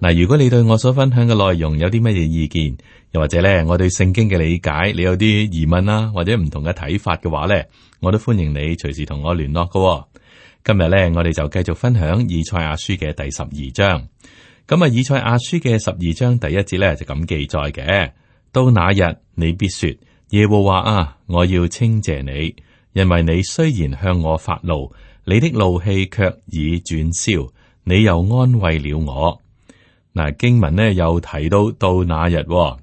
嗱，如果你對我所分享嘅內容有啲乜嘢意見，又或者咧，我對聖經嘅理解，你有啲疑問啦、啊，或者唔同嘅睇法嘅話咧，我都歡迎你隨時同我聯絡、哦。噶今日咧，我哋就繼續分享以賽亞書嘅第十二章。咁啊，以賽亞書嘅十二章第一節咧就咁記載嘅：到那日，你必說：耶和華啊，我要稱謝你，因為你雖然向我發怒，你的怒氣卻已轉消，你又安慰了我。嗱，經文呢又提到到那日呢，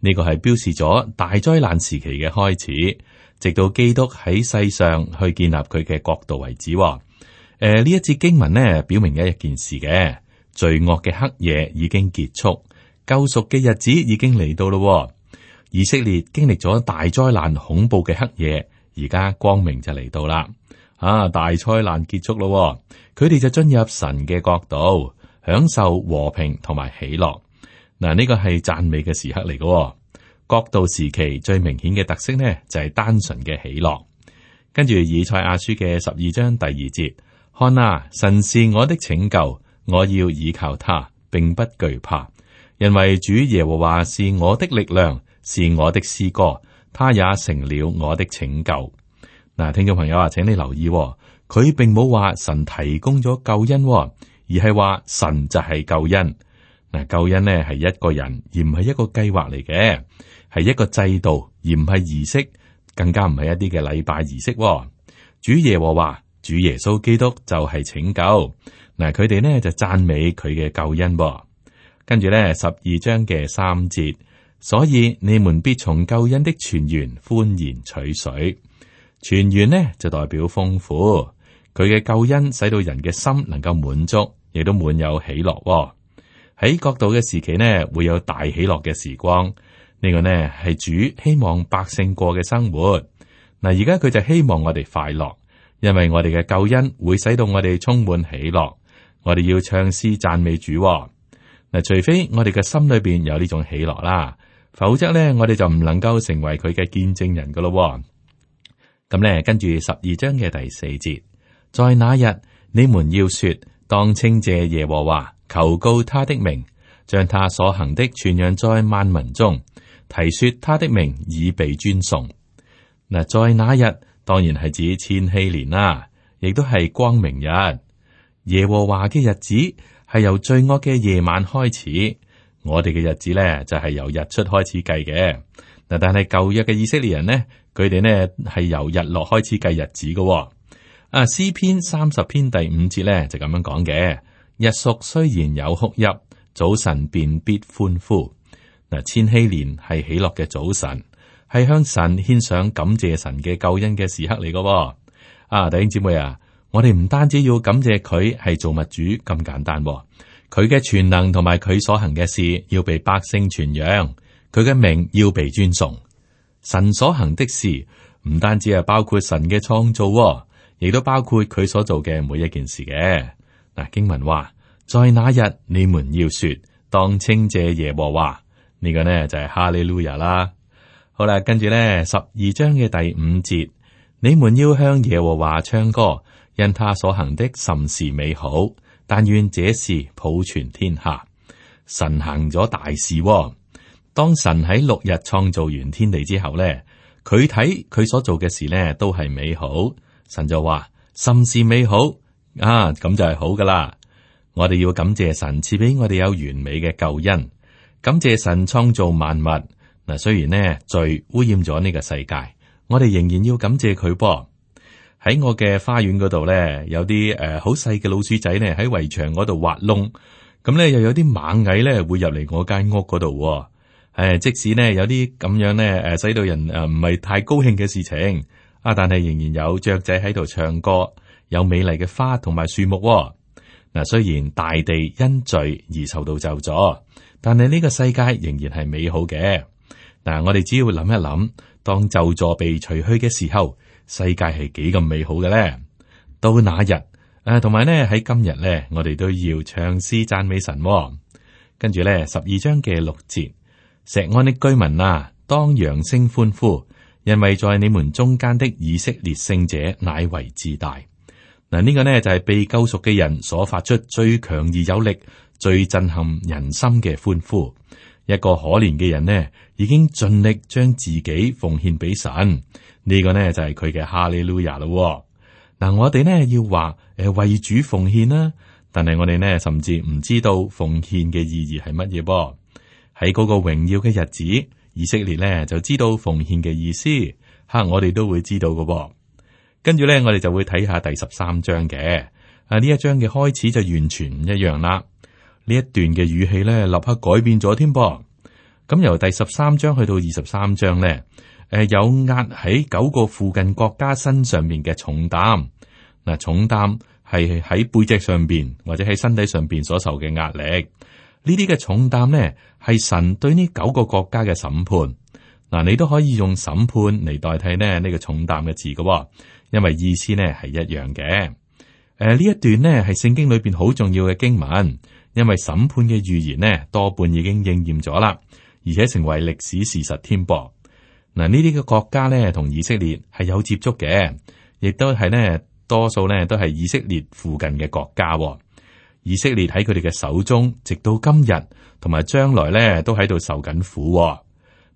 呢個係標示咗大災難時期嘅開始，直到基督喺世上去建立佢嘅國度為止。誒、呃、呢一節經文呢，表明一件事嘅罪惡嘅黑夜已經結束，救贖嘅日子已經嚟到咯。以色列經歷咗大災難恐怖嘅黑夜，而家光明就嚟到啦。啊，大災難結束咯，佢哋就進入神嘅國度，享受和平同埋喜樂，嗱，呢個係讚美嘅時刻嚟嘅喎。國度時期最明顯嘅特色呢，就係單純嘅喜樂。跟住以賽亞書嘅十二章第二節，看啊，神是我的拯救，我要倚靠他，並不懼怕，因為主耶和華是我的力量，是我的詩歌，他也成了我的拯救。嗱，聽眾朋友啊，請你留意喎，佢並冇話神提供咗救恩喎。而係話神就係救恩嗱，救恩呢係一個人而唔係一個計劃嚟嘅，係一個制度而唔係儀式，更加唔係一啲嘅禮拜儀式。主耶和華、主耶穌基督就係拯救。嗱，佢哋呢就讚美佢嘅救恩。跟住呢十二章嘅三節，所以你們必從救恩的泉源歡然取水。泉源呢就代表豐富，佢嘅救恩使到人嘅心能夠滿足。亦都滿有喜樂喎、哦。喺國度嘅時期呢，會有大喜樂嘅時光。呢個呢係主希望百姓過嘅生活。嗱，而家佢就希望我哋快樂，因為我哋嘅救恩會使到我哋充滿喜樂。我哋要唱詩讚美主嗱、哦，除非我哋嘅心裏邊有呢種喜樂啦，否則呢，我哋就唔能夠成為佢嘅見證人噶咯、哦。咁呢，跟住十二章嘅第四節，在那日，你們要說。當稱謝耶和華，求告他的名，將他所行的傳揚在萬民中，提說他的名已被尊崇。嗱，在那日，當然係指千禧年啦，啊，亦都係光明日。耶和華嘅日子係由罪惡嘅夜晚開始，我哋嘅日子咧就係、是、由日出開始計嘅。嗱，但係舊約嘅以色列人呢，佢哋呢係由日落開始計日子噶、哦。啊，詩篇三十篇第五節咧就咁樣講嘅。一宿雖然有哭泣，早晨便必歡呼。嗱，千禧年係喜樂嘅早晨，係向神獻上感謝神嘅救恩嘅時刻嚟噶、哦。啊，弟兄姐妹啊，我哋唔單止要感謝佢係造物主咁簡單、哦，佢嘅全能同埋佢所行嘅事要被百姓傳揚，佢嘅名要被尊崇。神所行的事唔單止係包括神嘅創造、哦。亦都包括佢所做嘅每一件事嘅嗱。經文話，在那日你們要說，當稱謝耶和華。呢、這個呢就係哈利路亞啦。好啦，跟住呢十二章嘅第五節，你們要向耶和華唱歌，因他所行的甚是美好。但願這事普傳天下。神行咗大事、哦，當神喺六日創造完天地之後咧，佢睇佢所做嘅事呢都係美好。神就話，甚是美好啊，咁就係好噶啦。我哋要感謝神賜俾我哋有完美嘅救恩，感謝神創造萬物。嗱，雖然呢罪污染咗呢個世界，我哋仍然要感謝佢噃。喺我嘅花園嗰度咧，有啲誒好細嘅老鼠仔咧喺圍牆嗰度挖窿，咁咧又有啲螞蟻咧會入嚟我間屋嗰度。誒、啊，即使呢，有啲咁樣咧，誒，使到人誒唔係太高興嘅事情。啊、但係仍然有雀仔喺度唱歌，有美麗嘅花同埋樹木、哦。嗱、啊，雖然大地因罪而受到咒詛，但係呢個世界仍然係美好嘅。嗱、啊，我哋只要諗一諗，當咒詛被除去嘅時候，世界係幾咁美好嘅咧？到那日，誒、啊，同埋咧喺今日咧，我哋都要唱詩讚美神、哦。跟住咧，十二章嘅六節，錫安的居民啊，當揚聲歡呼。因為在你們中間的以色列聖者乃為自大。嗱，呢個呢就係、是、被救贖嘅人所發出最強而有力、最震撼人心嘅歡呼。一個可憐嘅人呢，已經盡力將自己奉獻俾神。呢、這個呢就係佢嘅哈利路亞啦。嗱、啊，我哋呢要話誒為主奉獻啦、啊，但係我哋呢甚至唔知道奉獻嘅意義係乜嘢噃。喺嗰個榮耀嘅日子。以色列咧就知道奉獻嘅意思，吓我哋都會知道嘅噃。跟住咧，我哋就會睇下第十三章嘅。啊，呢一章嘅開始就完全唔一樣啦。呢一段嘅語氣咧，立刻改變咗添噃。咁由第十三章去到二十三章咧，誒，有壓喺九個附近國家身上面嘅重擔。嗱，重擔係喺背脊上邊或者喺身體上邊所受嘅壓力。呢啲嘅重擔呢，係神對呢九個國家嘅審判。嗱，你都可以用審判嚟代替呢呢個重擔嘅字嘅，因為意思呢係一樣嘅。誒、呃，呢一段呢，係聖經裏邊好重要嘅經文，因為審判嘅預言呢，多半已經應驗咗啦，而且成為歷史事實添噃。嗱，呢啲嘅國家呢，同以色列係有接觸嘅，亦都係呢，多數呢，都係以色列附近嘅國家。以色列喺佢哋嘅手中，直到今日同埋將來咧，都喺度受緊苦、哦。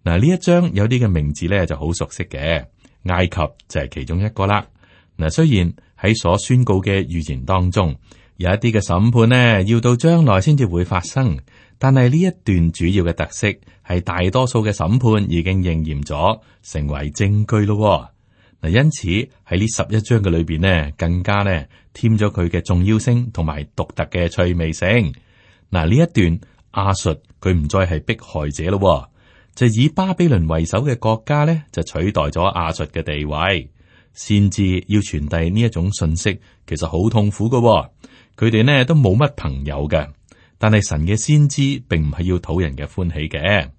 嗱，呢一章有啲嘅名字咧就好熟悉嘅，埃及就係其中一個啦。嗱，雖然喺所宣告嘅預言當中，有一啲嘅審判咧要到將來先至會發生，但係呢一段主要嘅特色係大多數嘅審判已經應驗咗，成為證據咯、哦。嗱，因此喺呢十一章嘅裏邊呢，更加呢添咗佢嘅重要性同埋獨特嘅趣味性。嗱，呢一段亞述佢唔再係迫害者咯，就以巴比倫為首嘅國家咧，就取代咗亞述嘅地位，先至要傳遞呢一種信息，其實好痛苦㗎。佢哋呢都冇乜朋友嘅，但係神嘅先知並唔係要討人嘅歡喜嘅。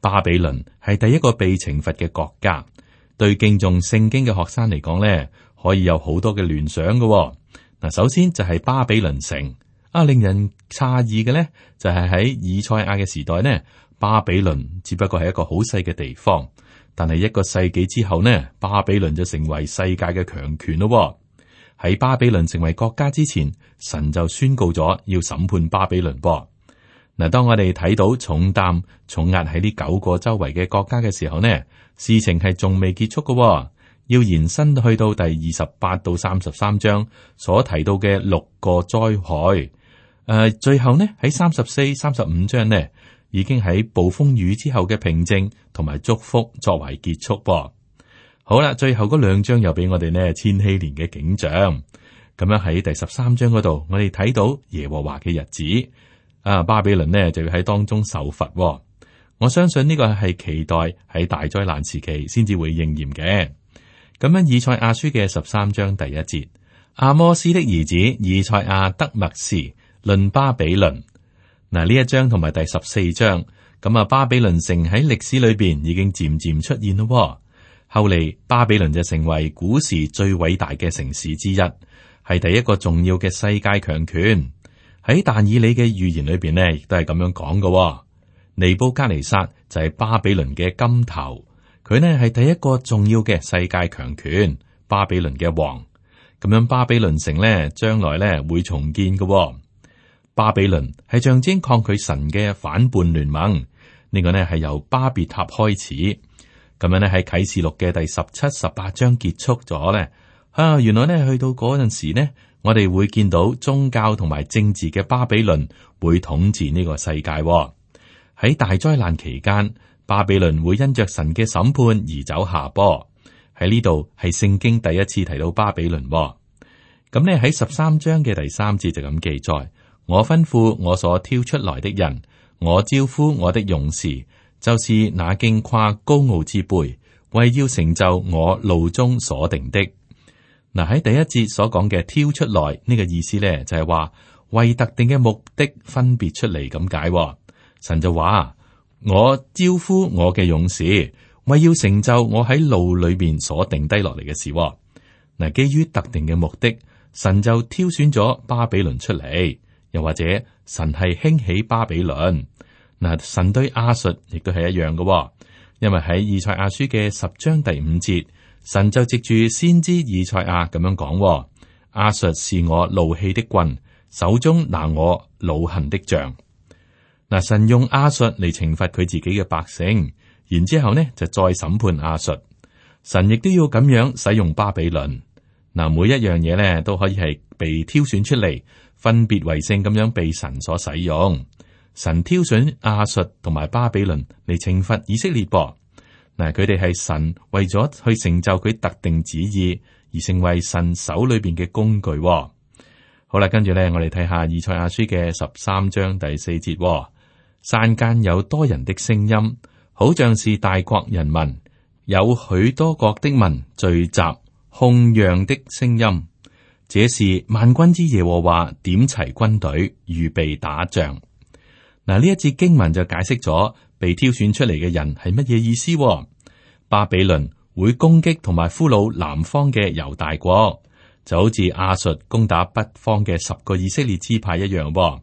巴比倫係第一個被懲罰嘅國家。對敬重聖經嘅學生嚟講咧，可以有好多嘅聯想嘅嗱、哦。首先就係巴比倫城啊，令人詫異嘅咧就係、是、喺以賽亞嘅時代呢，巴比倫只不過係一個好細嘅地方，但係一個世紀之後呢，巴比倫就成為世界嘅強權咯、哦。喺巴比倫成為國家之前，神就宣告咗要審判巴比倫噃。嗱，當我哋睇到重擔、重壓喺呢九個周圍嘅國家嘅時候呢，事情係仲未結束㗎，要延伸去到第二十八到三十三章所提到嘅六個災害。誒、呃，最後呢喺三十四、三十五章呢，已經喺暴風雨之後嘅平靜同埋祝福作為結束。好啦，最後嗰兩章又俾我哋呢千禧年嘅景象。咁樣喺第十三章嗰度，我哋睇到耶和華嘅日子。啊！巴比倫呢就要喺當中受罰。哦，我相信呢個係期待喺大災難時期先至會應驗嘅。咁、嗯、樣，以賽亞書嘅十三章第一節，阿摩斯的兒子以賽亞得默示論巴比倫。嗱呢、啊、一章同埋第十四章，咁、嗯、啊巴比倫城喺歷史裏邊已經漸漸出現咯、哦。後嚟巴比倫就成為古時最偉大嘅城市之一，係第一個重要嘅世界強權。喺但以理嘅預言裏邊呢，亦都係咁樣講嘅。尼布加尼薩就係巴比倫嘅金頭，佢呢係第一個重要嘅世界強權。巴比倫嘅王，咁樣巴比倫城呢，將來呢會重建嘅。巴比倫係象徵抗拒神嘅反叛聯盟，呢個呢係由巴別塔開始。咁樣呢，喺啟示錄嘅第十七、十八章結束咗咧啊，原來呢，去到嗰陣時呢。我哋會見到宗教同埋政治嘅巴比倫會統治呢個世界喎、哦。喺大災難期間，巴比倫會因着神嘅審判而走下坡。喺呢度係聖經第一次提到巴比倫、哦。咁你喺十三章嘅第三節就咁記載：我吩咐我所挑出來的人，我招呼我的勇士，就是那經誇高傲之輩，為要成就我路中所定的。嗱喺第一節所講嘅挑出來呢個意思咧，就係話為特定嘅目的分別出嚟咁解。神就話：我招呼我嘅勇士，為要成就我喺路裏邊所定低落嚟嘅事。嗱，基於特定嘅目的，神就挑選咗巴比倫出嚟，又或者神係興起巴比倫。嗱，神對亞述亦都係一樣嘅，因為喺以賽亞書嘅十章第五節。神就藉住先知以賽亞咁樣講：阿術是我怒氣的棍，手中拿我惱恨的杖。嗱，神用阿術嚟懲罰佢自己嘅百姓，然之後呢就再審判阿術。神亦都要咁樣使用巴比倫。嗱，每一樣嘢呢都可以係被挑選出嚟，分別為聖咁樣被神所使用。神挑選阿術同埋巴比倫嚟懲罰以色列噃。嗱，佢哋係神為咗去成就佢特定旨意而成為神手裏邊嘅工具、哦。好啦，跟住咧，我哋睇下以賽亞書嘅十三章第四節、哦：山間有多人的聲音，好像是大國人民，有許多國的民聚集，控揚的聲音。這是萬軍之耶和華點齊軍隊，預備打仗。嗱，呢一節經文就解釋咗被挑選出嚟嘅人係乜嘢意思、哦。巴比倫會攻擊同埋俘虜南方嘅猶大國，就好似亞述攻打北方嘅十個以色列支派一樣、哦。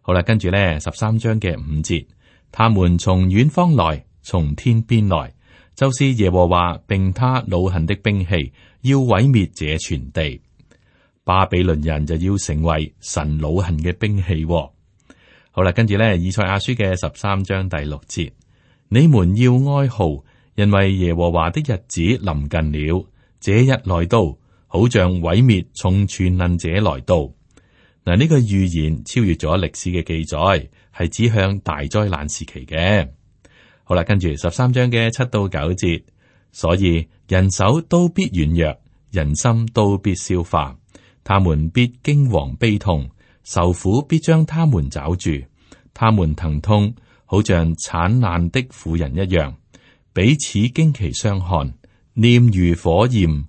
好啦，跟住咧，十三章嘅五節，他們從遠方來，從天邊來，就是耶和華並他惱恨的兵器，要毀滅這全地。巴比倫人就要成為神惱恨嘅兵器、哦。好啦，跟住咧，以賽亞書嘅十三章第六節，你們要哀號，因為耶和華的日子臨近了，這日來到，好像毀滅從全能者來到。嗱，呢個預言超越咗歷史嘅記載，係指向大災難時期嘅。好啦，跟住十三章嘅七到九節，所以人手都必軟弱，人心都必消化，他們必驚惶悲痛。受苦必將他們抓住，他們疼痛，好像產難的婦人一樣，彼此驚奇相看，念如火焰。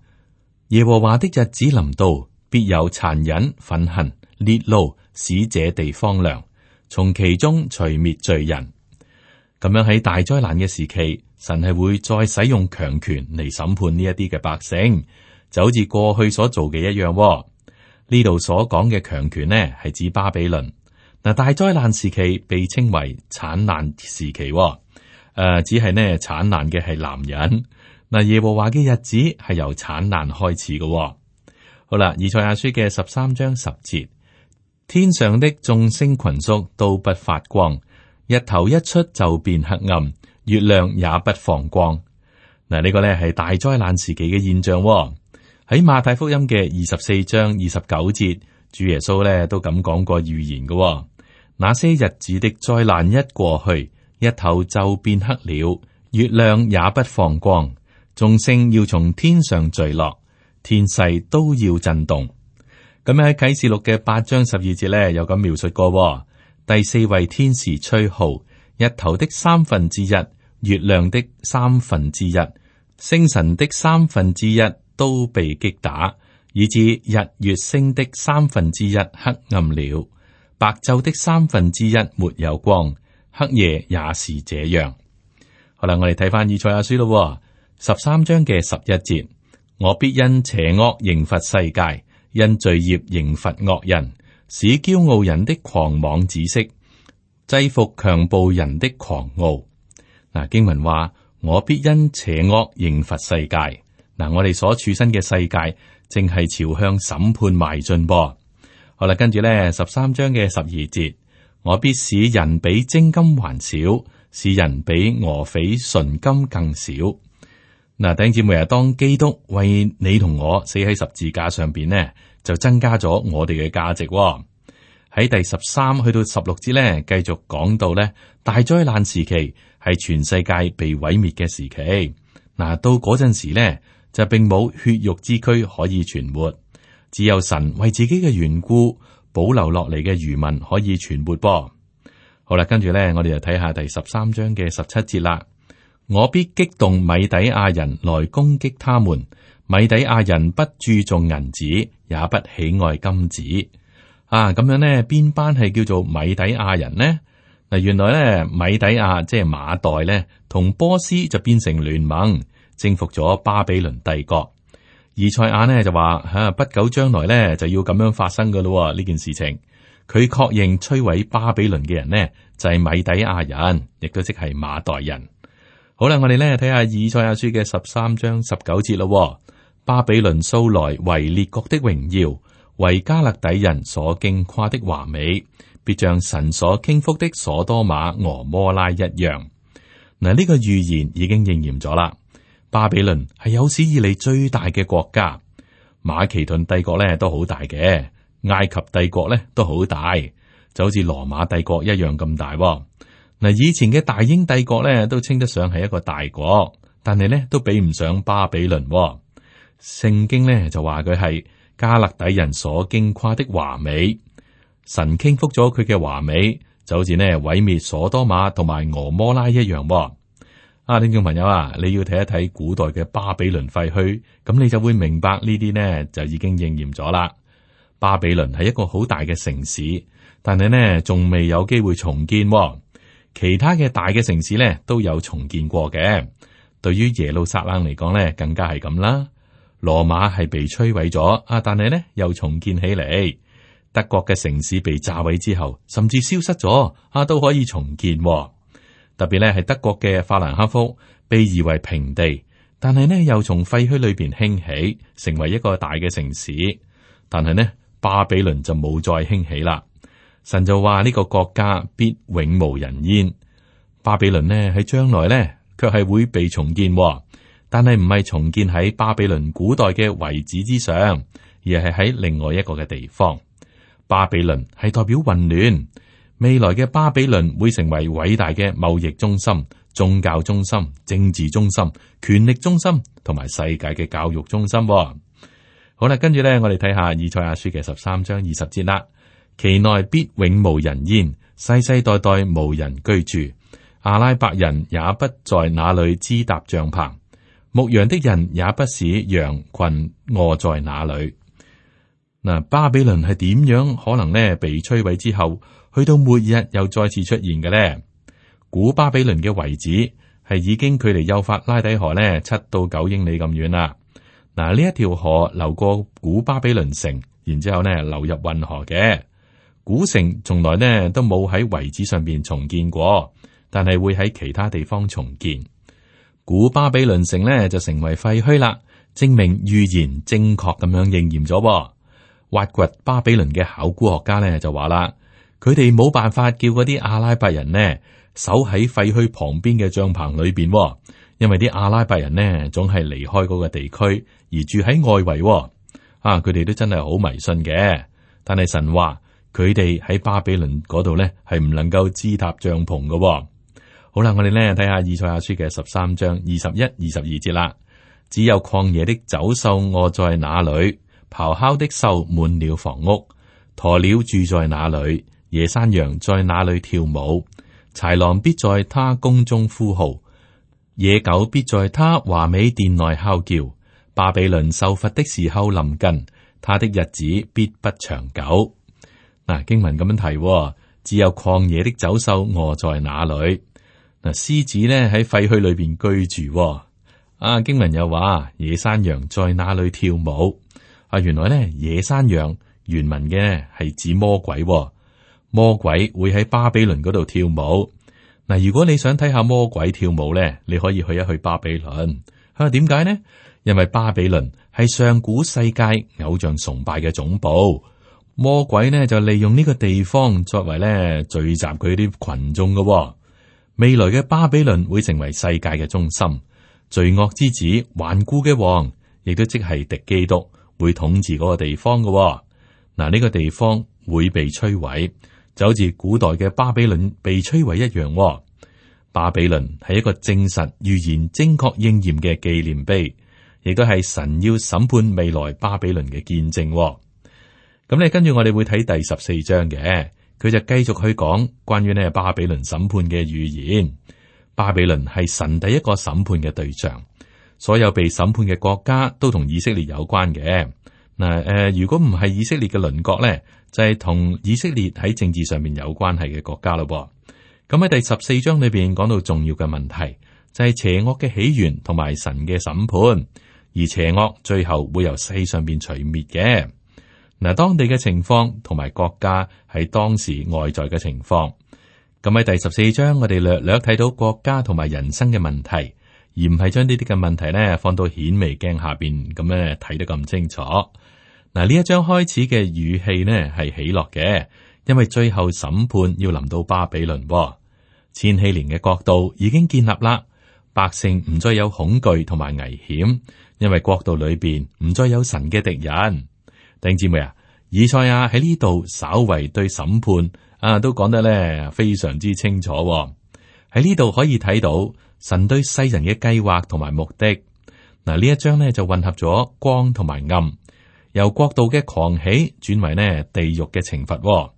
耶和華的日子臨到，必有殘忍、憤恨、烈怒，使這地荒涼。從其中除滅罪人。咁樣喺大災難嘅時期，神係會再使用強權嚟審判呢一啲嘅百姓，就好似過去所做嘅一樣、哦。呢度所講嘅強權呢，係指巴比倫。嗱，大災難時期被稱為產難時期，誒、呃，只係呢產難嘅係男人。嗱，耶和華嘅日子係由產難開始嘅。好啦，以賽亞書嘅十三章十節，天上的眾星群宿都不發光，日頭一出就變黑暗，月亮也不放光。嗱，呢個咧係大災難時期嘅現象。喺馬太福音嘅二十四章二十九節，主耶穌咧都咁講過預言嘅、哦。那些日子的災難一過去，日頭就變黑了，月亮也不放光，眾星要從天上墜落，天勢都要震動。咁喺啟示錄嘅八章十二節咧，有咁描述過、哦。第四位天使吹號，日頭的三分之一，月亮的三分之一，星辰的三分之一。都被擊打，以致日月星的三分之一黑暗了，白晝的三分之一沒有光，黑夜也是這樣。好啦，我哋睇翻以賽亞書咯，十三章嘅十一節，我必因邪惡刑罰世界，因罪孽刑罰惡人，使驕傲人的狂妄止息，制服強暴人的狂傲。嗱、啊，經文話：我必因邪惡刑罰世界。嗱，我哋所處身嘅世界正係朝向審判邁進噃。好啦，跟住咧十三章嘅十二節，我必使人比精金還少，使人比俄斐純金更少。嗱，弟兄姊妹啊，當基督為你同我死喺十字架上邊呢，就增加咗我哋嘅價值喎。喺第十三去到十六節咧，繼續講到咧大災難時期係全世界被毀滅嘅時期。嗱，到嗰陣時咧。就並冇血肉之軀可以存活，只有神為自己嘅緣故保留落嚟嘅餘民可以存活。噃。好啦，跟住咧，我哋就睇下第十三章嘅十七節啦。我必激動米底亞人來攻擊他們。米底亞人不注重銀子，也不喜愛金子。啊，咁樣咧，邊班係叫做米底亞人呢？嗱，原來咧，米底亞即係馬代咧，同波斯就變成聯盟。征服咗巴比倫帝國，以賽亞呢就話吓、啊，不久將來呢就要咁樣發生噶啦。呢件事情，佢確認摧毀巴比倫嘅人呢就係米底亞人，亦都即係馬代人。好啦，我哋呢睇下以賽亞書嘅十三章十九節咯。巴比倫素來為列國的榮耀，為加勒底人所矜誇的華美，必像神所傾覆的索多瑪俄摩拉一樣。嗱，呢個預言已經應驗咗啦。巴比倫係有史以嚟最大嘅國家，馬其頓帝國咧都好大嘅，埃及帝國咧都好大，就好似羅馬帝國一樣咁大。嗱，以前嘅大英帝國咧都稱得上係一個大國，但係咧都比唔上巴比倫。聖經咧就話佢係迦勒底人所矜誇的華美，神傾覆咗佢嘅華美，就好似咧毀滅所多瑪同埋俄摩拉一樣。啊，聽眾朋友啊，你要睇一睇古代嘅巴比倫廢墟，咁你就會明白呢啲呢就已經應驗咗啦。巴比倫係一個好大嘅城市，但係呢仲未有機會重建喎。其他嘅大嘅城市呢都有重建過嘅。對於耶路撒冷嚟講呢更加係咁啦。羅馬係被摧毀咗啊，但係呢又重建起嚟。德國嘅城市被炸毀之後，甚至消失咗啊，都可以重建喎。特別咧係德國嘅法蘭克福，被夷為平地，但係咧又從廢墟裏邊興起，成為一個大嘅城市。但係呢，巴比倫就冇再興起啦。神就話呢個國家必永無人煙。巴比倫呢，喺將來呢，卻係會被重建，但係唔係重建喺巴比倫古代嘅遺址之上，而係喺另外一個嘅地方。巴比倫係代表混亂。未來嘅巴比倫會成為偉大嘅貿易中心、宗教中心、政治中心、權力中心同埋世界嘅教育中心。好啦，跟住呢，我哋睇下以賽亞書嘅十三章二十節啦。其內必永無人煙，世世代代無人居住。阿拉伯人也不在那裡支搭帳篷，牧羊的人也不使羊群臥在那裡。嗱，巴比倫係點樣可能呢？被摧毀之後，去到末日又再次出現嘅呢？古巴比倫嘅遺址係已經距離幼發拉底河呢七到九英里咁遠啦。嗱，呢一條河流過古巴比倫城，然之後呢流入運河嘅古城，從來呢都冇喺遺址上面重建過，但係會喺其他地方重建。古巴比倫城呢就成為廢墟啦，證明預言正確咁樣應驗咗。挖掘巴比倫嘅考古學家咧就話啦，佢哋冇辦法叫嗰啲阿拉伯人呢守喺廢墟旁邊嘅帳篷裏邊，因為啲阿拉伯人呢總係離開嗰個地區而住喺外圍。啊，佢哋都真係好迷信嘅，但係神話佢哋喺巴比倫嗰度呢，係唔能夠支搭帳篷嘅。好啦，我哋咧睇下以賽亞書嘅十三章二十一、二十二節啦，只有曠野的走獸臥在那裏。咆哮的獸滿了房屋，鴕鳥住在那裏，野山羊在那裏跳舞，豺狼必在他宮中呼號，野狗必在他華美殿內嚎叫。巴比倫受罰的時候臨近，他的日子必不長久。嗱、啊，經文咁樣提、哦，只有曠野的走獸餓在那裏。嗱、啊，獅子咧喺廢墟裏邊居住、哦。啊，經文又話野山羊在那裏跳舞。啊，原來咧野山羊原文嘅係指魔鬼喎，魔鬼會喺巴比倫嗰度跳舞。嗱，如果你想睇下魔鬼跳舞咧，你可以去一去巴比倫。佢點解呢？因為巴比倫係上古世界偶像崇拜嘅總部，魔鬼呢就利用呢個地方作為咧聚集佢啲群眾噶喎。未來嘅巴比倫會成為世界嘅中心，罪惡之子頑固嘅王，亦都即係敵基督。會統治嗰個地方嘅。嗱、哦，呢、這個地方會被摧毀，就好似古代嘅巴比倫被摧毀一樣，哦。巴比倫係一個證實預言正確應驗嘅紀念碑，亦都係神要審判未來巴比倫嘅見證，哦。咁你跟住我哋會睇第十四章嘅，佢就繼續去講關於呢巴比倫審判嘅預言。巴比倫係神第一個審判嘅對象。所有被審判嘅國家都同以色列有關嘅。嗱，誒，如果唔係以色列嘅鄰國咧，就係、是、同以色列喺政治上面有關係嘅國家咯噃。咁、嗯、喺第十四章裏邊講到重要嘅問題，就係、是、邪惡嘅起源同埋神嘅審判，而邪惡最後會由世上邊除滅嘅。嗱、嗯，當地嘅情況同埋國家係當時外在嘅情況。咁、嗯、喺第十四章，我哋略略睇到國家同埋人生嘅問題。而唔係將呢啲嘅問題咧，放到顯微鏡下邊咁咧睇得咁清楚。嗱，呢一張開始嘅語氣呢係喜樂嘅，因為最後審判要臨到巴比倫，千禧年嘅國度已經建立啦，百姓唔再有恐懼同埋危險，因為國度裏邊唔再有神嘅敵人。弟兄姐妹啊，以賽亞喺呢度稍為對審判啊都講得咧非常之清楚，喺呢度可以睇到。神對世人嘅計劃同埋目的，嗱呢一章呢就混合咗光同埋暗，由國度嘅狂喜轉為呢地獄嘅懲罰，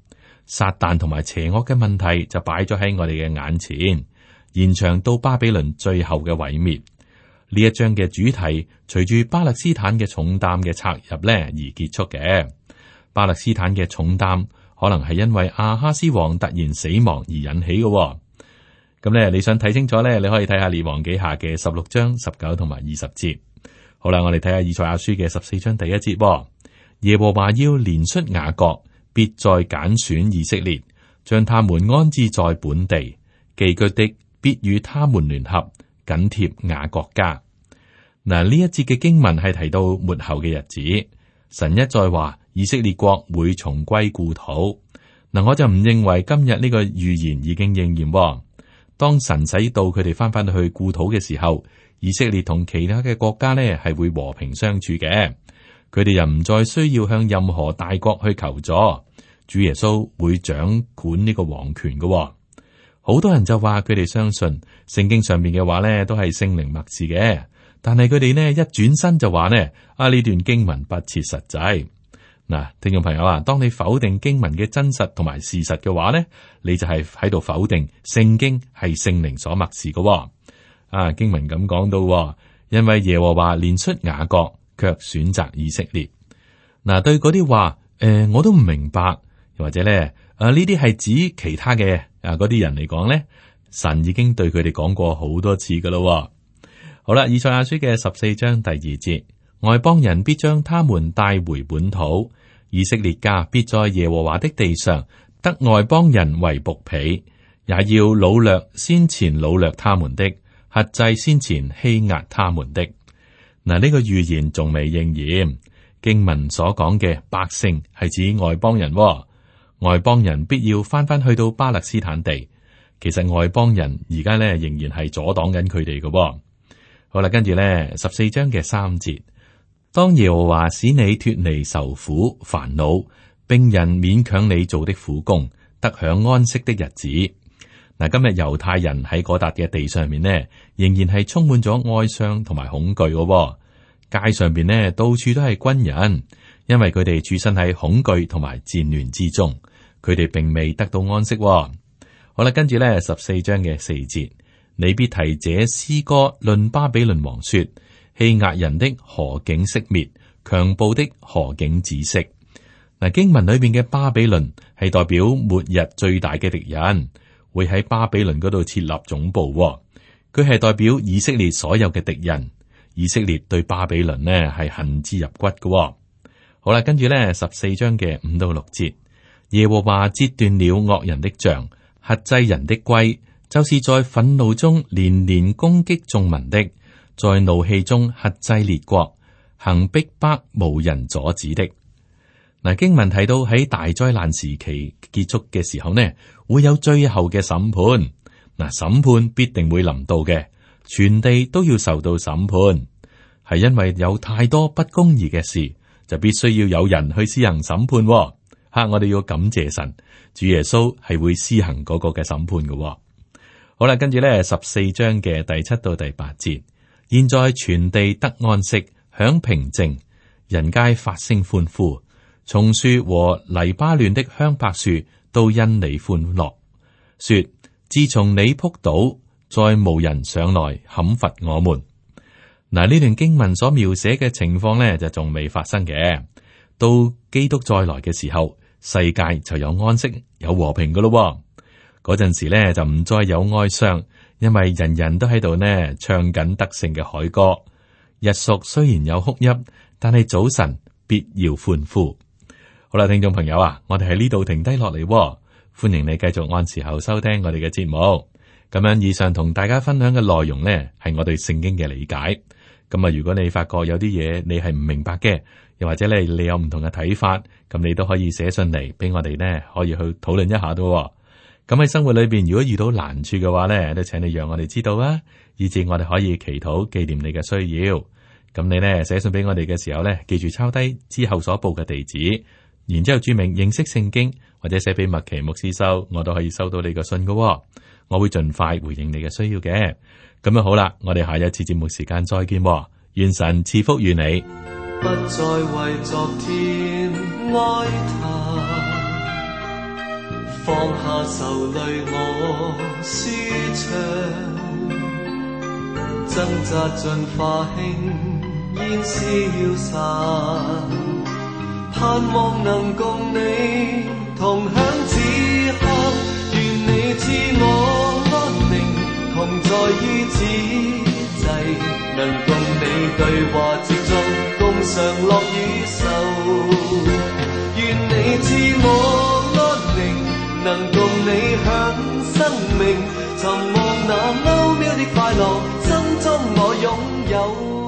撒旦同埋邪惡嘅問題就擺咗喺我哋嘅眼前，延長到巴比倫最後嘅毀滅。呢一章嘅主題，隨住巴勒斯坦嘅重擔嘅插入呢而結束嘅。巴勒斯坦嘅重擔，可能係因為亞哈斯王突然死亡而引起嘅。咁咧，你想睇清楚咧，你可以睇下列王紀下嘅十六章十九同埋二十節。好啦，我哋睇下以賽亞書嘅十四章第一節。耶和華要憐恤雅各，必再揀選以色列，將他們安置在本地寄居的，必與他們聯合緊貼雅各家。嗱，呢一節嘅經文係提到末後嘅日子，神一再話以色列國會重歸故土。嗱，我就唔認為今日呢個預言已經應驗。當神使到佢哋返返去故土嘅時候，以色列同其他嘅國家呢係會和平相處嘅。佢哋又唔再需要向任何大國去求助，主耶穌會掌管呢個皇權嘅哦。好多人就話佢哋相信聖經上面嘅話呢都係聖靈默示嘅。但係佢哋呢一轉身就話咧啊，呢段經文不切實際。嗱，聽眾朋友啊，當你否定經文嘅真實同埋事實嘅話咧，你就係喺度否定聖經係聖靈所默示嘅，哦。啊，經文咁講到，因為耶和華憐恤雅各，卻選擇以色列。嗱，啊，對嗰啲話，誒，呃，我都唔明白，或者咧，誒，啊，呢啲係指其他嘅啊，嗰啲人嚟講咧，神已經對佢哋講過好多次噶啦，哦。好啦，以賽亞書嘅十四章第二節，外邦人必將他們帶回本土。以色列家必在耶和華的地上得外邦人為僕婢，也要擄掠先前擄掠他們的，轄制先前欺壓他們的。嗱，呢個預言仲未應驗，經文所講嘅百姓係指外邦人。外邦人必要翻翻去到巴勒斯坦地，其實外邦人而家咧仍然係阻擋緊佢哋嘅。好啦，跟住咧十四章嘅三節。當耶和華使你脫離愁苦、煩惱、並人勉強你做的苦工，得享安息的日子。嗱，今日猶太人喺嗰笪嘅地上面呢，仍然係充滿咗哀傷同埋恐懼嘅、哦。街上邊呢，到處都係軍人，因為佢哋處身喺恐懼同埋戰亂之中，佢哋並未得到安息、哦。好啦，跟住咧十四章嘅四節，你必提這詩歌論巴比倫王說。欺壓人的何竟息滅，強暴的何竟止息。嗱，經文裏邊嘅巴比倫係代表末日最大嘅敵人，會喺巴比倫嗰度設立總部、哦。佢係代表以色列所有嘅敵人。以色列對巴比倫呢係恨之入骨嘅、哦。好啦，跟住呢十四章嘅五到六節，耶和華折斷了惡人的杖，轄制人的圭，就是在憤怒中連連攻擊眾民的。在怒氣中轄制列國，行逼迫無人阻止的。嗱，經文提到喺大災難時期結束嘅時候呢，會有最後嘅審判嗱。審判必定會臨到嘅，全地都要受到審判，係因為有太多不公義嘅事，就必須要有人去施行審判、哦。吓、啊，我哋要感謝神，主耶穌係會施行嗰個嘅審判嘅、哦。好啦，跟住咧十四章嘅第七到第八節。現在全地得安息，享平靜，人皆發聲歡呼，松樹和利巴嫩的香柏樹都因你歡樂，說，自從你仆倒，再無人上來砍伐我們。嗱，呢段經文所描寫嘅情況呢，就仲未發生嘅。到基督再來嘅時候，世界就有安息，有和平㗎喇喎。嗰陣時咧，就唔再有哀傷，因為人人都喺度呢，唱緊得勝嘅凱歌。一宿雖然有哭泣，但係早晨必要歡呼。好啦，聽眾朋友啊，我哋喺呢度停低落嚟，歡迎你繼續按時候收聽我哋嘅節目。咁樣以上同大家分享嘅內容呢，係我對聖經嘅理解。咁啊，如果你發覺有啲嘢你係唔明白嘅，又或者你你有唔同嘅睇法，咁你都可以寫信嚟俾我哋呢，可以去討論一下都。咁喺生活裏邊，如果遇到難處嘅話咧，都請你讓我哋知道啊，以至我哋可以祈禱紀念你嘅需要。咁你咧寫信俾我哋嘅時候咧，記住抄低之後所報嘅地址，然之後注明認識聖經，或者寫俾麥奇牧師收，我都可以收到你嘅信噶、哦。我會盡快回應你嘅需要嘅。咁樣好啦，我哋下一次節目時間再見、哦，願神賜福於你。不再為昨天哀嘆放下愁慮，我舒暢，掙扎盡化輕煙消散，盼望能共你同享此刻。願你知我不寧，同在於此際，能共你對話靜坐，共嘗樂與愁。願你知我。能共你享生命沉、啊，尋望那奧妙的快樂，心中我擁有。